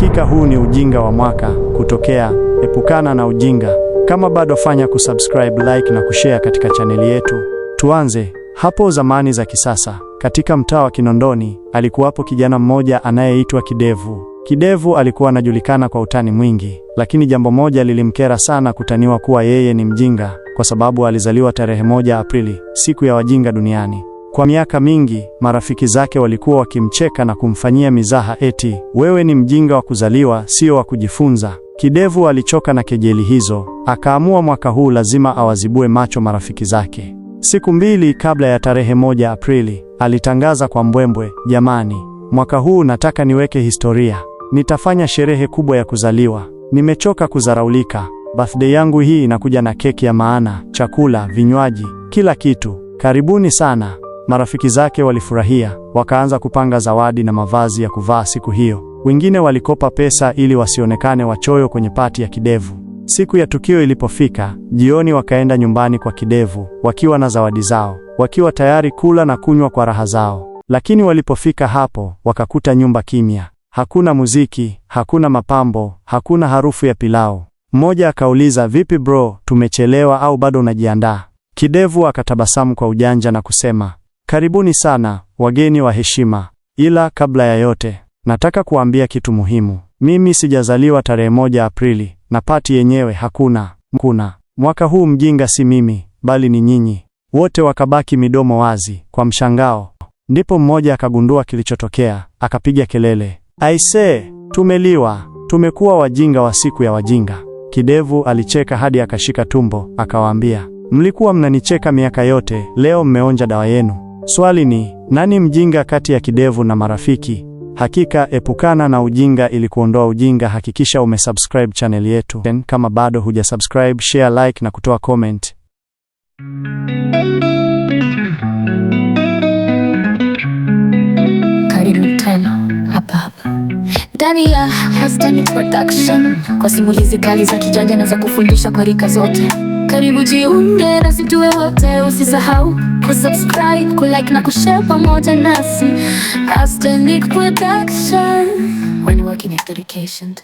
Hakika huu ni ujinga wa mwaka kutokea Epukana na Ujinga. Kama bado, fanya kusubscribe, like na kushare katika chaneli yetu. Tuanze. Hapo zamani za kisasa, katika mtaa wa Kinondoni, alikuwapo kijana mmoja anayeitwa Kidevu. Kidevu alikuwa anajulikana kwa utani mwingi, lakini jambo moja lilimkera sana, kutaniwa kuwa yeye ni mjinga, kwa sababu alizaliwa tarehe moja Aprili, siku ya wajinga duniani. Kwa miaka mingi, marafiki zake walikuwa wakimcheka na kumfanyia mizaha eti, wewe ni mjinga wa kuzaliwa, sio wa kujifunza. Kidevu alichoka na kejeli hizo, akaamua mwaka huu lazima awazibue macho marafiki zake. Siku mbili kabla ya tarehe moja Aprili, alitangaza kwa mbwembwe, jamani, mwaka huu nataka niweke historia. Nitafanya sherehe kubwa ya kuzaliwa. Nimechoka kuzaraulika Birthday yangu hii inakuja na keki ya maana, chakula, vinywaji, kila kitu. Karibuni sana. Marafiki zake walifurahia, wakaanza kupanga zawadi na mavazi ya kuvaa siku hiyo. Wengine walikopa pesa ili wasionekane wachoyo kwenye pati ya Kidevu. Siku ya tukio ilipofika, jioni wakaenda nyumbani kwa Kidevu wakiwa na zawadi zao, wakiwa tayari kula na kunywa kwa raha zao. Lakini walipofika hapo, wakakuta nyumba kimya. Hakuna muziki, hakuna mapambo, hakuna harufu ya pilau. Mmoja akauliza, "Vipi bro, tumechelewa au bado unajiandaa?" Kidevu akatabasamu kwa ujanja na kusema, Karibuni sana wageni wa heshima, ila kabla ya yote nataka kuambia kitu muhimu. Mimi sijazaliwa tarehe moja Aprili na pati yenyewe hakuna mkuna. Mwaka huu mjinga si mimi, bali ni nyinyi wote. Wakabaki midomo wazi kwa mshangao. Ndipo mmoja akagundua kilichotokea, akapiga kelele, aise, tumeliwa, tumekuwa wajinga wa siku ya wajinga. Kidevu alicheka hadi akashika tumbo, akawaambia, mlikuwa mnanicheka miaka yote, leo mmeonja dawa yenu. Swali ni nani mjinga kati ya kidevu na marafiki? Hakika epukana na ujinga ili kuondoa ujinga. Hakikisha umesubscribe channel yetu Then, kama bado hujasubscribe, share, like na kutoa comment. Daria tena hapa Production kwa simulizi kali za kijanja na za kufundisha kwa rika zote. Karibu jiunge nasi tuwe wote, usisahau kusubscribe, kulike na kushare pamoja nasi Arsenic Production. When working at dedication.